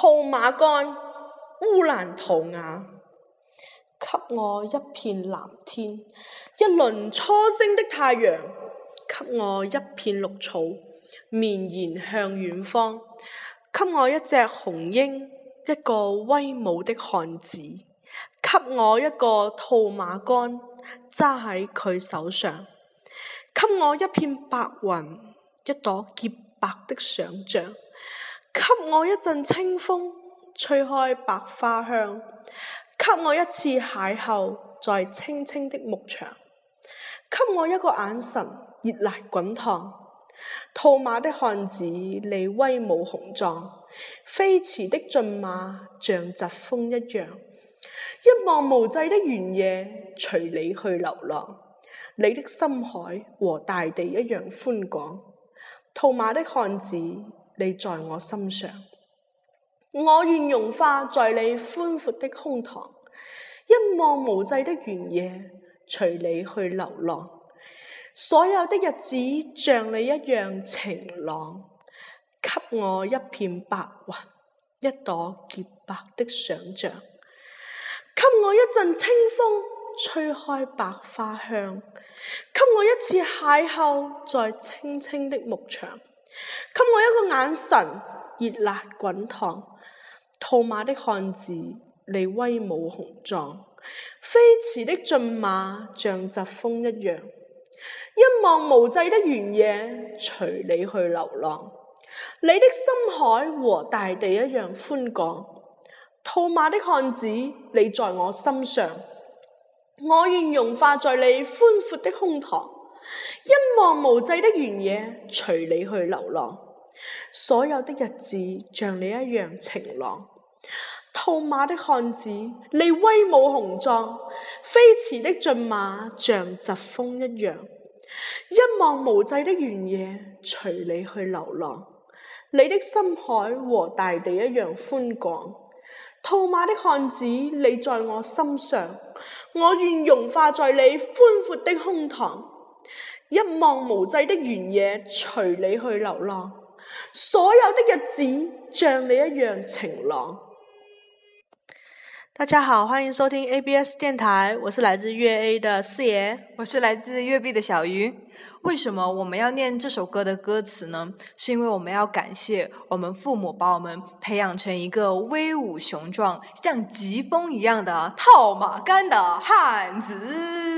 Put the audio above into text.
套馬杆，烏蘭圖雅，給我一片藍天，一輪初升的太陽，給我一片綠草，綿延向遠方，給我一隻雄鷹，一個威武的漢子，給我一個套馬杆，揸喺佢手上，給我一片白雲，一朵潔白的想象。給我一陣清風，吹開百花香。給我一次邂逅，在青青的牧場。給我一個眼神，熱辣滾燙。套馬的漢子，你威武雄壯。飛馳的駿馬，像疾風一樣。一望無際的原野，隨你去流浪。你的心海和大地一樣寬廣。套馬的漢子。你在我心上，我願融化在你寬闊的胸膛，一望無際的原野，隨你去流浪。所有的日子，像你一樣晴朗，給我一片白雲，一朵潔白的想象，給我一陣清風，吹開百花香，給我一次邂逅，在青青的牧場。給我一個眼神，熱辣滾燙。套馬的漢子，你威武雄壯。飛馳的駿馬像疾風一樣。一望無際的原野，隨你去流浪。你的心海和大地一樣寬廣。套馬的漢子，你在我心上。我願融化在你寬闊的胸膛。一望無際的原野，隨你去流浪。所有的日子像你一樣晴朗。套馬的漢子，你威武雄壯，飛馳的駿馬像疾風一樣。一望無際的原野，隨你去流浪。你的心海和大地一樣寬廣。套馬的漢子，你在我心上，我願融化在你寬闊的胸膛。一望無際的原野，隨你去流浪。所有的日子像你一樣晴朗。大家好，歡迎收聽 ABS 電台，我是來自粵 A 的四爺，我是來自粵 B 的小魚。為什麼我們要念這首歌的歌詞呢？是因為我們要感謝我們父母，把我們培養成一個威武雄壯、像疾風一樣的套馬杆的漢子。